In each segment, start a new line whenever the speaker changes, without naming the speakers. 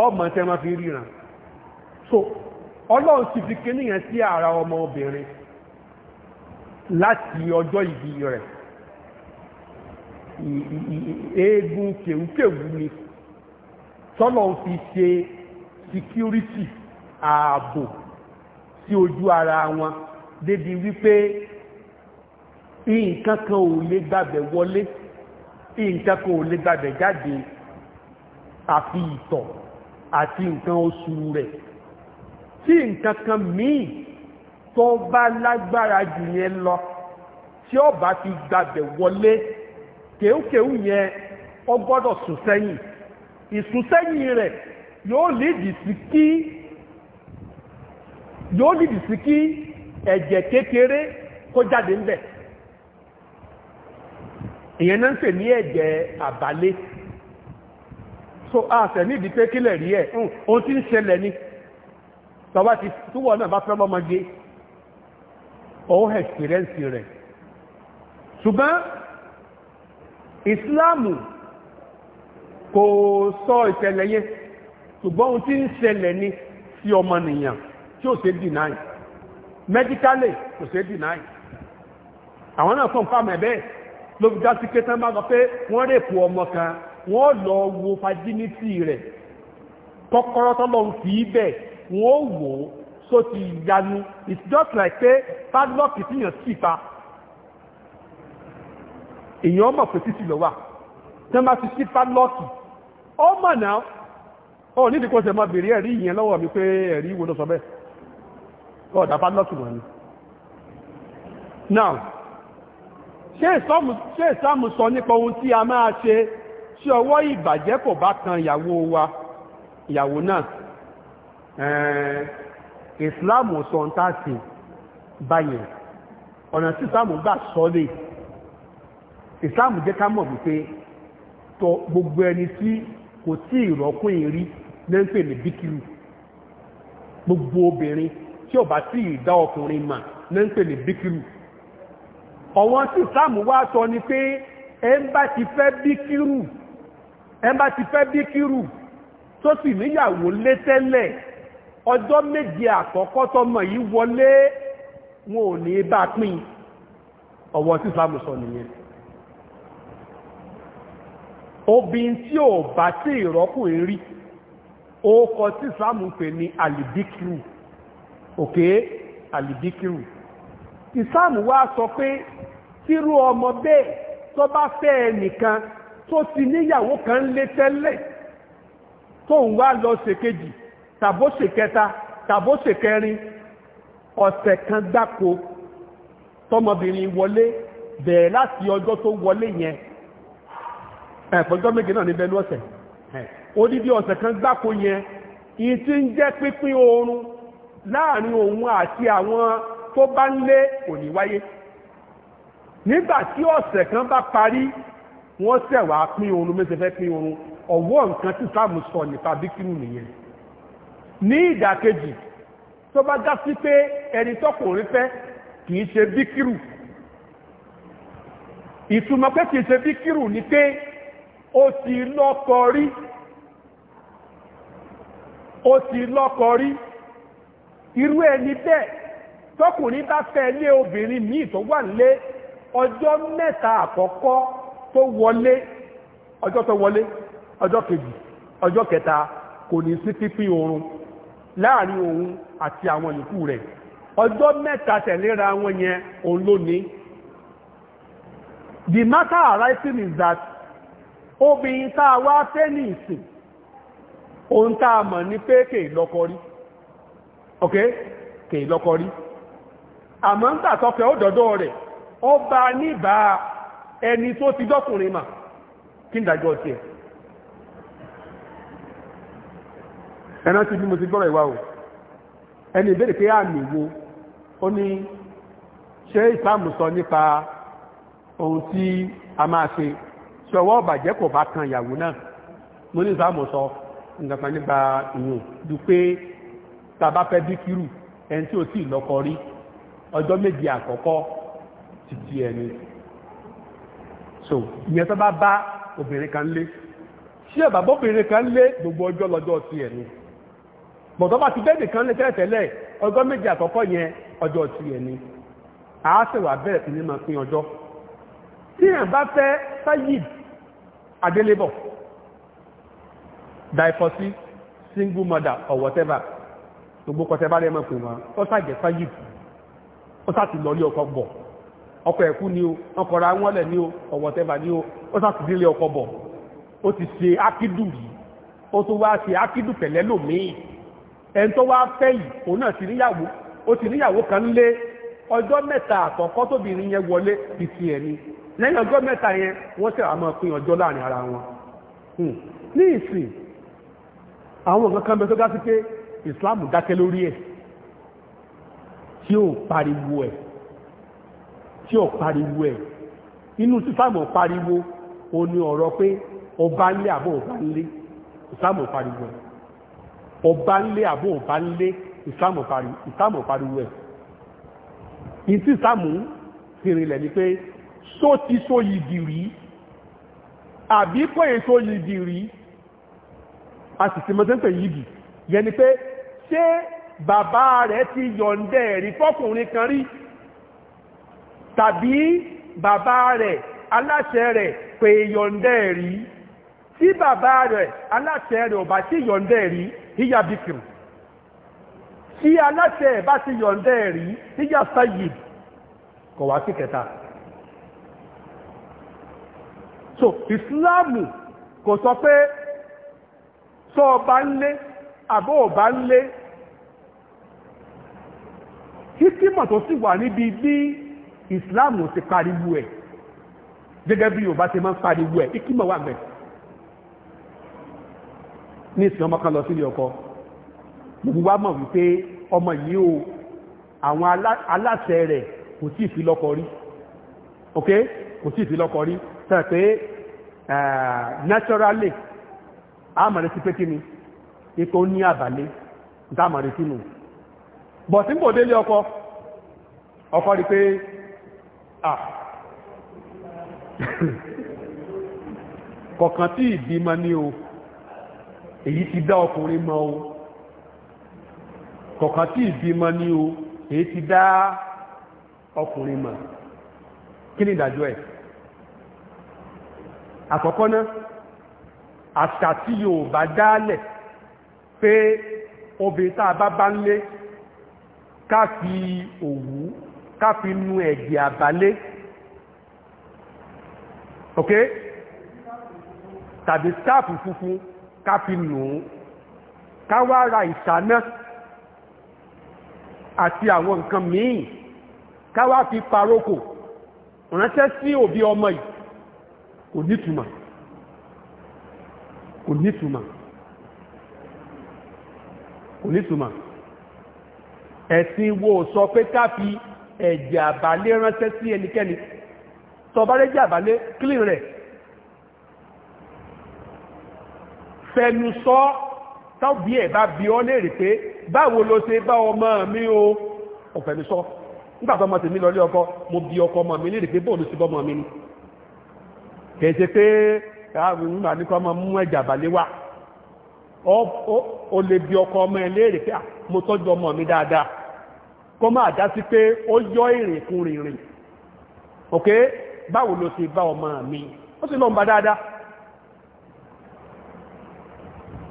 ọmọ tẹ́ máa fi ríran so ọlọ́run ti fi kíníyàn sí ara ọmọ obìnrin láti ọjọ́ ìbí rẹ̀ eégún kèwúkèwú ni tọ́lọ̀ fi ṣe security ààbò sí ojú ara wọn débi wípé nǹkan kan ò lè gbàbẹ̀ wọlé nǹkan kan ò lè gbàbẹ̀ jáde àfi ìtọ̀ àti nǹkan oṣù rẹ̀ tí nǹkan kan míì tó bá lágbára jù yẹn lọ tí ó bá ti gbàbẹ̀ wọlé kéúkéú yẹn ó gbọ́dọ̀ sùn sẹ́yìn ìsúnsẹ́yìn rẹ̀ yóò lídìí sí kí yóò lìdì sí kí ẹ̀jẹ̀ kékeré kó jáde ń bẹ̀. ìyẹn náà ń pè ní ẹ̀jẹ̀ àbálé so àṣẹ nídi pé kílẹ̀ rí ẹ̀ hmm, ohun tí ń ṣẹlẹ̀ ni tọba ti túwọ̀ náà bá fẹ́ lọ́mọdé ọ̀hún ẹ̀sìrẹ́ǹsì rẹ̀ ṣùgbọ́n ìsìláàmù kò sọ ìṣẹ̀lẹ̀ yẹn ṣùgbọ́n ohun tí ń ṣẹlẹ̀ ni sí ọmọnìyàn tí ò ṣe dìnáì mẹ́díkálì kò ṣe dìnáì àwọn náà sọ nǹkan mẹ́bẹ́ẹ̀ ló fi dá sí pé tán bá sọ pé wọ́n rèpù ọmọ kan wọ́n lọ wo fajínítì rẹ̀ kọ́kọ́rọ́ tọ́lọ́ ń fi bẹ̀ wọ́n wò ó só ti yanu it's just like pé padlock ti yàn sí pa èèyàn mọ̀ pé títì lọ wà tí wọ́n bá ti sí padlock ó mọ̀ náà ó ní ìdíkọ́ sẹ́mọ́ bèrè ẹ̀rí ìyẹn lọ́wọ́ mi pé ẹ̀rí ìwò ló sọ bẹ́ẹ̀ ọ̀dà padlock mọ̀ ni now ṣé ìsọ́mù sọ nípa ohun tí a máa ṣe tí ọwọ́ ìbàjẹ́ kò bá kan ìyàwó wa ìyàwó náà ìsìláàmù eh, sọ ń tàṣì báyẹ̀ ọ̀nà tí ìsìláàmù gbà sọ́lé ìsìláàmù jẹ́ ká mọ̀ wípé tọ gbogbo ẹni tí kò tí ìrọ̀kún ìrí lẹ́ńpẹ̀ ní bíkìrù gbogbo obìnrin tí ó bá tí ìdá ọkùnrin mà lẹ́ńpẹ̀ ní bíkìrù ọ̀wọ́n tí ìsìláàmù wá sọ ni pé ẹ ń bá ti fẹ́ bíkìrù ẹnba ti fẹ́ bí kírù tó sì níyàwó lé tẹ́lẹ̀ ọjọ́ méje àkọ́kọ́ tọmọ yìí wọlé wọn ò ní bá pín ọ̀wọ́ tí islam sọ nìyẹn obìnrin tí ò bá tí ìrọ́kùnrin rí ókọ tí islam pè ní alibikiru òkè alibikiru islam wá sọ pé tírú ọmọ bẹ́ẹ̀ tó bá fẹ́ ẹnìkan tó ti níyàwó kan lé tẹ́lẹ̀ tó ń wá lọ ṣèkejì tàbó ṣèkẹta tàbó ṣèkẹrin ọ̀sẹ̀ kan gbáko tọmọbìnrin wọlé bẹ̀ẹ̀ láti ọjọ́ tó wọlé yẹn ẹ̀fọ́jọ́ méje náà ní bẹ́lú ọ̀sẹ̀ odidi ọ̀sẹ̀ kan gbáko yẹn ìyí tí ń jẹ́ pínpín oorun láàrin òun àti àwọn tó bá ń lé kò ní wáyé nígbà tí ọ̀sẹ̀ kan bá parí wọ́n sẹ̀ wá pín oorun méje fẹ́ pín oorun ọ̀wọ́ nǹkan tí sáàmù sọ nípa bíkírù nìyẹn ní ìdàkejì tó bá já sí pé ẹni tọkùnrin fẹ́ kì í ṣe bíkírù ìtumọ̀ pé kì í ṣe bíkírù ni pé ó ti lọ́kọ rí ó ti lọ́kọ rí irú ẹni bẹ́ẹ̀ tọkùnrin bá fẹ́ lé obìnrin míì tó wà nílé ọjọ́ mẹ́ta àkọ́kọ́ tó wọlé ọjọ́ tó wọlé ọjọ́ kejì ọjọ́ kẹta kò ní sí pípín oorun láàrin òun àti àwọn ìlúkù rẹ̀ ọjọ́ mẹ́ta tẹ̀lera wọn yẹn òun ló ní the matter arising is that obìnrin tá a wá fẹ́ ní ìsìn ohun tá a mọ̀ ní pé kèè rí ok rí àmọ́ ń gbà tọ́kẹ́ ó dọ́dọ́ rẹ̀ ó bá níbàá ẹni tó ti dọ́kùnrin mà kí ń dájọ́ ti ẹ̀ ẹ̀nà ti bí mo ti gbọ́rọ̀ ìwà o ẹni ìbéèrè pé àmì wo ó ní ṣe ìsáàmù sọ nípa ohun tí a máa ṣe ṣe ọwọ́ bàjẹ́ kò bá kan ìyàwó náà mo ní ìsáàmù sọ nǹkan nípa ìyàn ju pé tàbá fẹ́ bí kírù ẹni tí ò sí ìlọ́kọ rí ọjọ́ méje àkọ́kọ́ títí ẹni so ìyẹn tó bá bá obìnrin kan lé ṣé bàbá obìnrin kan lé gbogbo ọjọ́ lọ́jọ́ ti ẹ̀ ni bọ̀dọ́ bá ti bẹ́ẹ̀dì kan lé tẹ́lẹ̀tẹ́lẹ̀ ọjọ́ méjì àkọ́kọ́ yẹn ọjọ́ ti ẹ̀ ni a sì wà bẹ́ẹ̀ sí ní máa pín ọjọ́ tí èèyàn bá fẹ́ sayid adélébọ̀ dàìfọ́sí single mother or whatever gbogbo kọtẹ́ bá lẹ́mọ̀ pè wọ́n ó sàjẹ́ sayid ó sàtìlọ́lé ọkọ̀ gbọ̀ ọkọ̀ ẹ̀kú ni o ọkọ̀ra wọn lẹ̀ ni o ọ̀wọ̀ tẹ́bà ni o ó sàtìdílé ọkọ̀ bọ̀ ó ti ṣe ákídù yìí ó tó wá ṣe ákídù pẹ̀lẹ́ lòmíì ẹn tó wá fẹ́ yìí òun náà ti níyàwó ó ti níyàwó kan lé ọjọ́ mẹ́ta àkọ́kọ́ tóbìnrin yẹn wọlé ìtì ẹ̀ ni lẹ́yìn ọjọ́ mẹ́ta yẹn wọ́n ṣe àmọ́ pín ọjọ́ láàrin ara wọn hmm. ní ìsìn àwọn nǹkan kan bẹ tó dá sí pé ìsìláàmù dákẹ́ lórí ẹ̀ tí ó pariwo ẹ̀ tí ò pariwo ẹ̀ inú sísàmù pariwo o ní ọ̀rọ̀ pé ọba ń lé àbọ̀ ọba ń lé ìsàmù pariwo ẹ̀ ọba ń lé àbọ̀ ọba ń lé ìsàmù pariwo ẹ̀ ìtí ìsàmù fìrìnlẹ̀ ni pé só ti só yìí rí àbí kò è só yìí rí a sì ti mọ́tẹ́ ń pè yìí yẹni pé ṣé bàbá rẹ̀ ti yọ̀ǹdẹ̀ fọ́kùnrin kan rí tàbí bàbá rẹ̀ aláṣẹ rẹ̀ pé yọ̀ǹdẹ́ rí tí bàbá rẹ̀ aláṣẹ rẹ̀ ò bá sí yọ̀ǹdẹ́ rí híyà bíkìrù tí aláṣẹ ẹ̀ bá sí yọ̀ǹdẹ́ rí híyà sáyì kò wá sí kẹta so ìsìláàmù kò sọ pé sọ ọba ń lé àbọ̀ ọba ń kí símọ̀ tó sì wà níbi bí islam ò ti pariwo ẹ̀ gẹ́gẹ́ bí yorùbá ti máa ń pariwo ẹ̀ ikímọ̀ wà mẹ́ ní ìsìn ọmọ kan lọ sílé ọkọ gbogbo wa mọ̀ wípé ọmọ yìí o àwọn aláṣẹ rẹ̀ kò tí ì lọ́kọ rí ok kò tí ì lọ́kọ rí sọ pé naturally a mọ̀ retí pé kí ni ipò ní àbálé níta mọ̀ retí nù bọ̀ tí ń bò délé ọkọ rí pé Ah. kọ̀kan tí ìbímọ ní o èyí ti dá ọkùnrin mọ́ o kọ̀kan tí ìbímọ ní o èyí ti dá ọkùnrin mọ́ kí ni ìdájọ́ ẹ̀ àkọ́kọ́ náà àṣà tí yóò bá dálẹ̀ pé obìnrin tá bá ń lé ká òwú ká fi nu ẹ̀jẹ̀ àbálé ok tàbí skáàpù funfun ká fi nù ú ká wá ra ìṣáná àti àwọn nǹkan míì ká wá fi parókò ránṣẹ́ sí òbí ọmọ yìí kò nítumọ̀ kò nítumọ̀ kò nítumọ̀ ẹ̀sìn wo sọ pé ká fi ẹ̀jẹ̀ àbálé ránṣẹ́ sí ẹnikẹ́ni tó bá rẹ́jẹ̀ àbálé clean rẹ̀ fẹnu sọ tọ́bí ẹ̀ bá bí ọ́ léèrè pé báwo ló ṣe bá ọmọ mi o ò fẹnu sọ nígbàtọ́ ọmọ tèmi lọlé ọkọ mo bí ọkọ ọmọ mi léèrè pé bóòlù sí bọ́mọ mi ni kẹ̀ẹ́sẹ̀ ní kọ́ o lè bí ọkọ ọmọ ẹ léèrè pé ah, mo tọ́jú ọmọ kó máa dá sí pé ó yọ ìrìnkún rìnrìn ok báwo ló ti bá ọmọ mi ó sì lọ ń bá dáadáa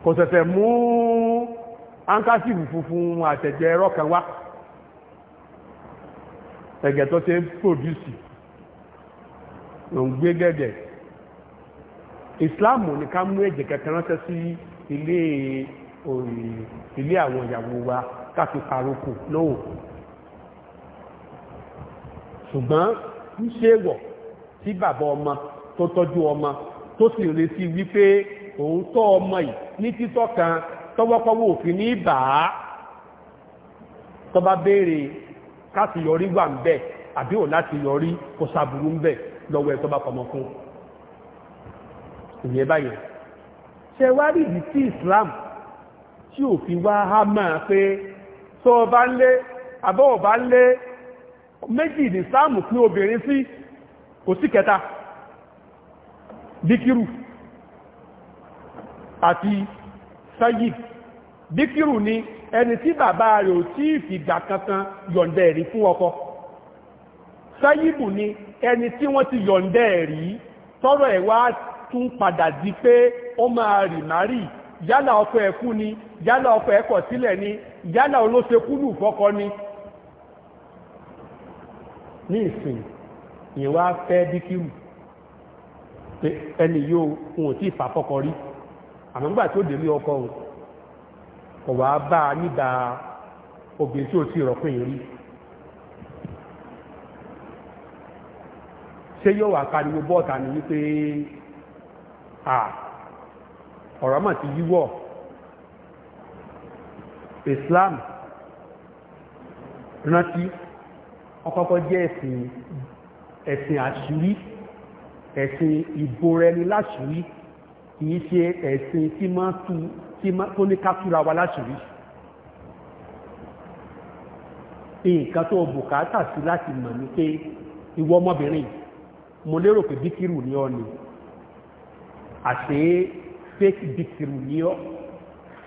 kò sẹ̀sẹ̀ mú áńkásìwù funfun àtẹ̀jẹ̀ ẹ̀rọ kan wá ẹ̀gẹ̀ tó ṣe ń pòdúsì ló ń gbé gẹ́gẹ́ ìsìláàmù ní ká mú ẹ̀jẹ̀ kẹta ránṣẹ́ sí ilé àwọn ìyàwó wa káfí parókù lóhùn ṣùgbọ́n ń ṣe wọ̀ tí bàbá ọmọ tó tọ́jú ọmọ tó sì retí wípé òun tọ́ ọmọ yìí ní títọ́ kan tọ́wọ́pọ́wọ́ òfin ní bà á tọ́ba béèrè káti yọrí wà ń bẹ̀ àbí ò láti yọrí kò sàbùrú ń bẹ̀ lọ́wọ́ ẹ̀ tọ́ba pọmọ fún ìyẹn báyìí ṣe wá rí ìdí Islam tí òfin wá há máa pé tọ́ ọba ń lé àbọ̀ ọba ń lé méjì ní sáàmù pín obìnrin sí kò sí kẹta díkírù àti sáyì díkírù ni ẹni tí bàbá rẹ̀ ò tí ìfìgbà kankan yọ̀ǹdẹ̀ rí fún ọkọ sáyìbù ni ẹni tí wọ́n ti yọ̀ǹdẹ̀ rí tọ́rọ̀ ẹ̀ wá tún padà di pé ó máa rì márì yálà ọkọ ẹ̀ ni yálà ọkọ ẹ̀ kọ̀ sílẹ̀ ni yálà olóṣekúlù fọ́kọ ni ní ìsìn ìyẹn fẹ́ ẹni yóò fún òtí ìfàfọ́kọ rí tí ọkọ òun ọwa bá a nígbà obìnrin tí ò tí ìrọ̀pìn rí ṣé yóò wà bọ́ọ̀tà ni wípé à ọ̀rọ̀ ti yíwọ̀ Islam rántí ọkọ̀kọ́ jẹ́ ẹ̀sìn ẹ̀sìn àṣírí ẹ̀sìn ìbòrẹni láṣírí kìí ṣe ẹ̀sìn tí máa tú tó ní kátúra wa láṣírí nǹkan tó bùkátà sí láti mọ̀ ní pé ìwọ ọmọbìnrin mo lérò pé bíkírù ní ọ ni àṣé fake bíkírù ní ọ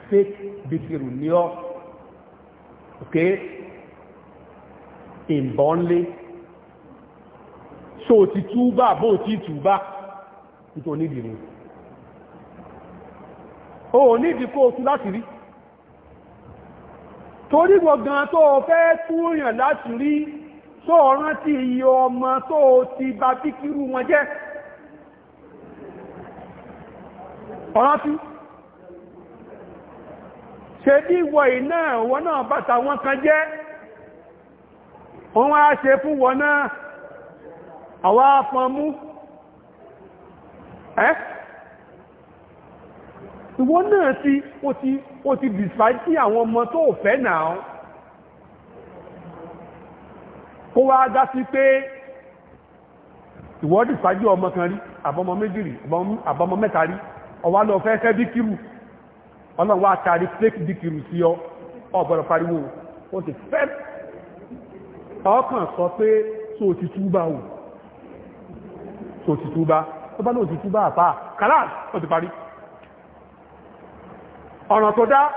fake bíkírù ní ọ okay ìbọ́nlé so ti túbà bó ti túbà ìtò nídìí ni o nídìí kó tú láti rí torí gbọ̀gán tó fẹ́ túyàn láti rí tó rántí iye ọmọ tó ti bá bíkírú wọn jẹ́ ọ̀rántí ṣe bí wọ ìná ẹ̀wọ̀n náà bàtà wọn kan jẹ́ wọ́n wá ṣe fún wọn náà àwa afọn mú ẹ́ ìwọ náà ti ó ti ó ti dìsfàájí àwọn ọmọ tó fẹ́ náà kó wá dá sí pé ìwọ dìsfàájí ọmọ kan rí àbọ́mọ méjì rí àbọ́mọ mẹ́ta rí ọwá lọ fẹ́ fẹ́ bí kírù ọlọ́wọ́ àtàrí fake bí kírù sí ọ ọ̀bọ̀rọ̀ pariwo ó ti fẹ́ ọkàn sọ pé tó ti túbá o tó ti túbá tó bá náà ti túbá àpá kàláà ó ti parí ọ̀ràn tó dá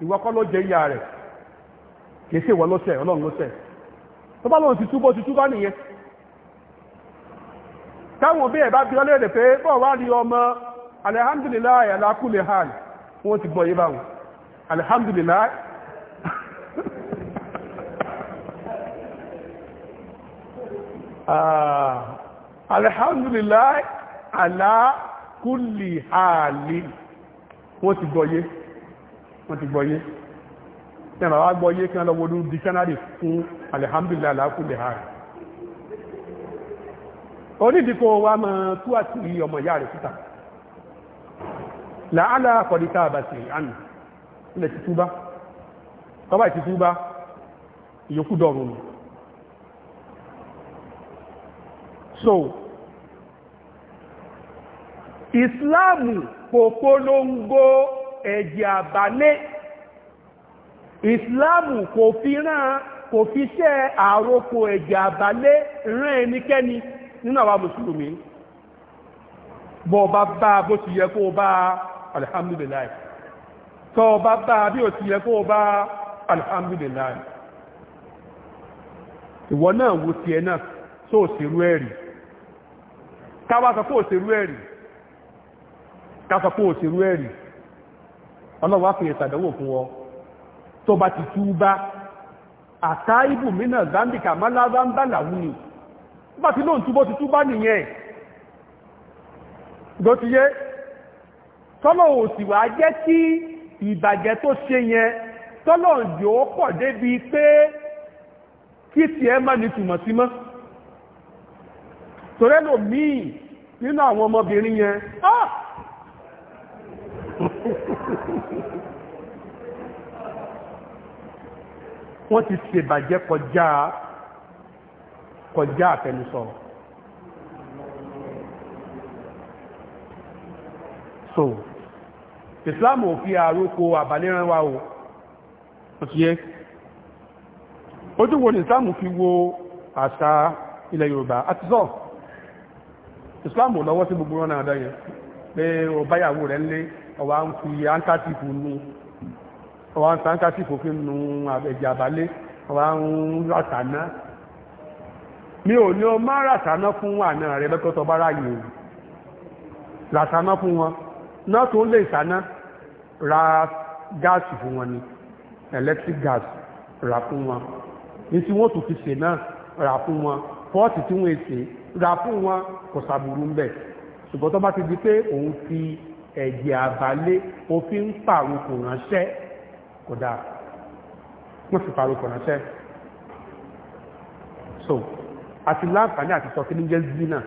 ìwọ kọ́ ló jẹ ìyà rẹ̀ kìí sí ìwọ lọ́sẹ̀ ọlọ́run lọ́sẹ̀ tó bá lóun ti túbọ̀ ti túbá nìyẹn táwọn òbí ẹ̀ bá bí ọlẹ́rẹ̀ pé bọ́ wá rí ọmọ alhamdulillah ala kulli hal wọ́n ti gbọ́ yé báwọn alhamdulillah Ah, alhamdulillah ala kulli hali wọ́n ti gbọ́yé wọ́n ti gbọ́yé tẹ́nà wá gbọ́yé kí wọ́n lọ wọ́n dictionary fún alhamdulillah ala kulli hali onídìkọ́ wa mọ̀ tó àti ọmọ ìyá rẹ̀ síta la'ala kọ̀dítà àbàtì àmì ilẹ̀ titúbá kọ́bà titúbá ìyókù dọ̀rùn so Islamu kò polongo ẹ̀jẹ̀ Islamu ìsìláàmù kò fi rán kò fi ṣẹ́ àrokò ẹ̀jẹ̀ àbálé rán ẹnikẹ́ni nínú àwa mùsùlùmí bọ́ bá bá bó ti yẹ kó bá alhamdulillah tọ́ bá bá bí ò ti yẹ kó bá alhamdulillah ìwọ náà wo ti ẹ náà tó sì rú ẹ̀rì káwà sọ pé òṣèrú ẹ̀rì káfà pé òṣèrú ẹ̀rì ọlọ́wà fi ìsàdánwò fún ọ tó bá ti tú bá àtá ibù mìíràn zambika málára ń bá làwú ni bá ti lóòtú bó ti tú bá nìyẹn gbó ti yé tọ́lọ̀ òsìwà jẹ́ kí ìbàjẹ́ tó ṣe yẹn tọ́lọ̀ yóò pọ̀ débi pé kí tiẹ̀ má ní tùmọ̀ sí torẹ́ lò míì nínú àwọn ọmọbìnrin yẹn wọ́n ti ṣèbàjẹ́ kọjá kọjá àfẹnusọ̀rọ̀ so islam ò fi àrókò àbàlẹ́rán wa o òtíyẹ́ ojú wo ni islam fi wo àṣà ilẹ̀ yorùbá àti sọ́ọ̀ islam ò lọ́wọ́ sí gbogbo wọn náà dáyẹn pé ọbáyàwó rẹ̀ ńlé ọwá ń fi áńkátìfù nu ọwá ń fi áńkátìfù fi nu ẹ̀jẹ̀ àbálé ọwá ń ràtàná mi ò ní o máa ràtàná fún àna rẹ̀ lọ́kọ́tọ̀ bá ráyè o ràtàná fún wọn náà tó lè sáná ra gáàsì fún wọn ni electric gas rà fún wọn ní tí wọ́n tún fi sè náà rà fún wọn pọ́ọ̀tì tí wọ́n èsè rà fún wọn kò sàbùrù ń bẹ̀ ṣùgbọ́n tó bá ti di pé òun fi ẹ̀jẹ̀ àbálé òfin ń pàrokò ránṣẹ́ kò dáa wọ́n fi pàrokò ránṣẹ́ so àti láǹfààní àti sọ kí ní jẹ́ zina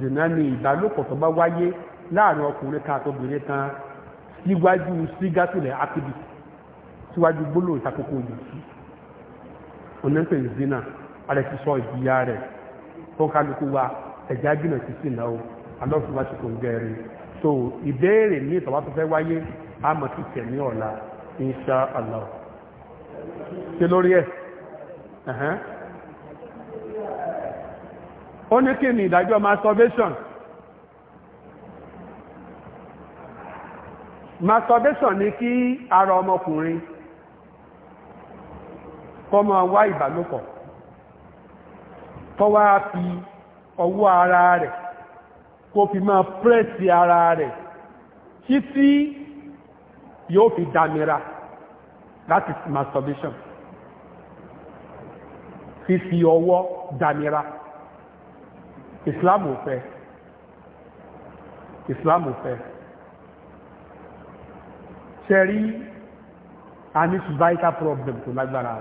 zina ni ìbálòpọ̀ tó bá wáyé láàrin ọkùnrin kan àtobìnrin kan síwájú sígátùlẹ̀ ápìdì síwájú gbólóhùn ìtakókò yìí sí onípe zina alẹ́ ti sọ ìdíyà rẹ̀ fún kálukú wa ẹ̀já jìnà sí náà alọ́sùn wá sí kò ń so ìbéèrè ní ìtọ́wá tó fẹ́ wáyé a mọ̀ sí ní insha ṣe lórí masturbation masturbation ni kí ara ọmọkùnrin wá tọ́wá fi ọwọ́ ara rẹ̀ kó fi máa pẹ́ẹ̀sì ara rẹ̀ títí yóò fi dámira that is masturbation fífi ọwọ́ dámira Islamu fẹ́ Islamu fẹ́ ṣẹ̀rí a ní vital problem tó lágbára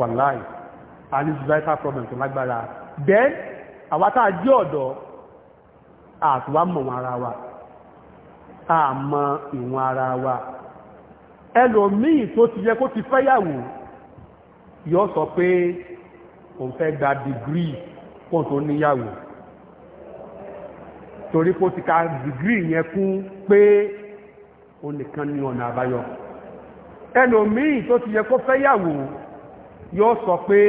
wàláì a ní societal problem tó lágbára then àwa tá a jẹ́ ọ̀dọ́ àtúwá mọ̀ wọn ara wa a mọ ìwọ̀n ara wa ẹlòmíì to ti yẹ kó ti fẹ́yàwó yóò sọ pé òun fẹ́ gba dìgírì kóun tó níyàwó torí kó ti ka dìgírì yẹn kún pé o nìkan ni ọ̀nà àbáyọ ẹlòmíì tó ti yẹ kó fẹ́yàwó yóò sọ pé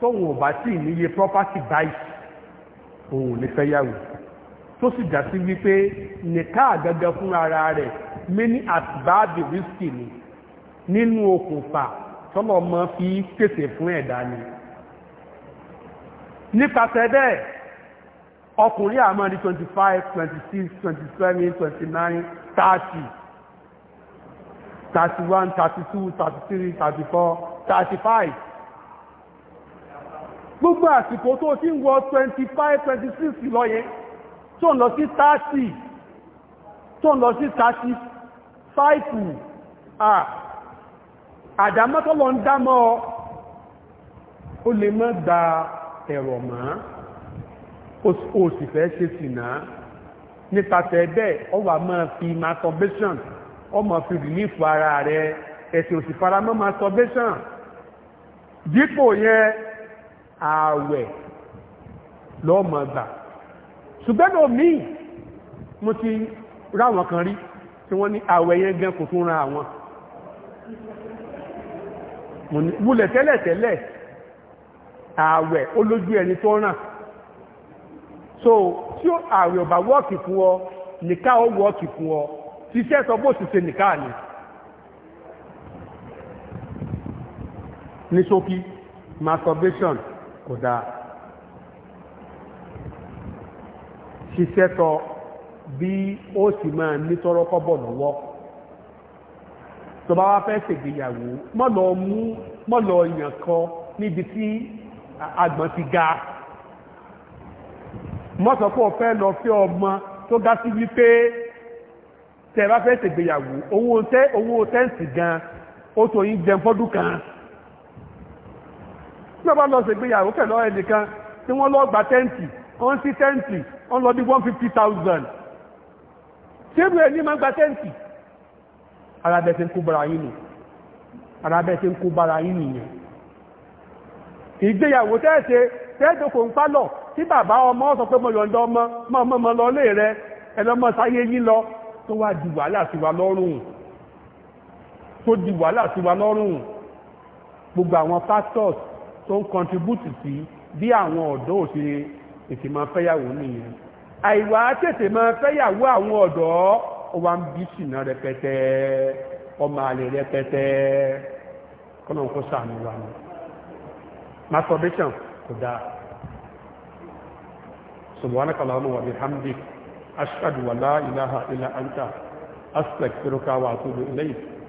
tóun ò bá sì níye property báyìí òun ò ní fẹ́ yàwó tó sì já sí wípé nìka àgẹ́gẹ́ fún ara rẹ̀ many asbáàbì risky ni nínú okùnfà tọ́lọ̀ mọ́ fi pèsè fún ẹ̀dá ni nípasẹ̀ bẹ́ẹ̀ ọkùnrin àmọ́ ní twenty five twenty six twenty seven twenty nine thirty thirty one thirty two thirty three thirty four thirty five gbogbo àsìkò tó ti ń wọ 25 26 lọ yẹn tó ń lọ sí 30 tó ń lọ sí 30 fáìfù àdámọ́tọ́lọ ń dámọ́ o lè mọ́ gba ẹ̀rọ mọ́ o sì fẹ́ ṣe sìnà nípasẹ̀ bẹ́ẹ̀ ọ wà máa fi masturbation ọ máa fi relief ara rẹ ẹ̀sìn òsì faramọ́ masturbation dípò yẹn ààwẹ̀ lọ́mọ̀ gbà ṣùgbọ́n míì mo ti ráwọn kan rí tí wọ́n ní ààwẹ̀ yẹn gan kò tún ra àwọn múlẹ̀ tẹ́lẹ̀tẹ́lẹ̀ ààwẹ̀ ó lójú ẹni tó ràn so tí ó ààwẹ̀ ọ̀bà wọ́ọ̀kì fún ọ nìká ó wọ́ọ̀kì fún ọ ti ṣẹ́ sọ bó ti nìká ni ní ṣókí masturbation kò dáa ṣiṣẹ́ tọ bí ó sì máa ní tọ́rọ́kọ́bọ̀ lọ́wọ́ tó bá wá fẹ́ ṣègbéyàwó mọ́lọ mú mọ́lọ èèyàn kan níbi tí àgbọn ti ga mọ́sọ̀pọ̀ fẹ́ lọ fẹ́ ọmọ tó ga sí wípé tẹ́ bá fẹ́ ṣègbéyàwó owó tẹ́ǹsì gan ó tó yín jẹun fọ́dún kan nígbà bá lọ ṣègbéyàwó pẹ̀lú ẹnìkan tí wọ́n lọ gba tẹ́ǹtì wọ́n sí tẹ́ǹtì wọ́n lọ bí one fifty thousand ṣébù ẹ̀ ní máa gba tẹ́ǹtì ara bẹ́ẹ̀ ti ń kó bara yín nù ara bẹ́ẹ̀ ti ń kó bara yín nìyẹn ìgbéyàwó tẹ́ẹ̀ṣe tẹ́ẹ̀dọ́kò ń pálọ̀ tí bàbá ọmọ sọ pé mo yọ̀ǹda ọmọ mọ́ ọmọ lọ lé rẹ ẹlọ́mọ sáyé yín lọ tó wá di wàhálà sí wa lọ́rùn tó di wàhálà sí wa lọ́rùn gbogbo àwọn pastors tó ń kọntribútì sí bí àwọn ọ̀dọ́ òṣè ètè máa fẹ́yàwó nìyẹn àìwá tètè máa fẹ́yàwó àwọn ọ̀dọ́ ó wá ń bí ṣìnà rẹpẹtẹ ọmọ àlè rẹpẹtẹ kọ́nà kó sàánú masturbation kò dáa subhanaka allahumma wa bihamdik ashhadu wa la ilaha illa anta wa atubu ilayk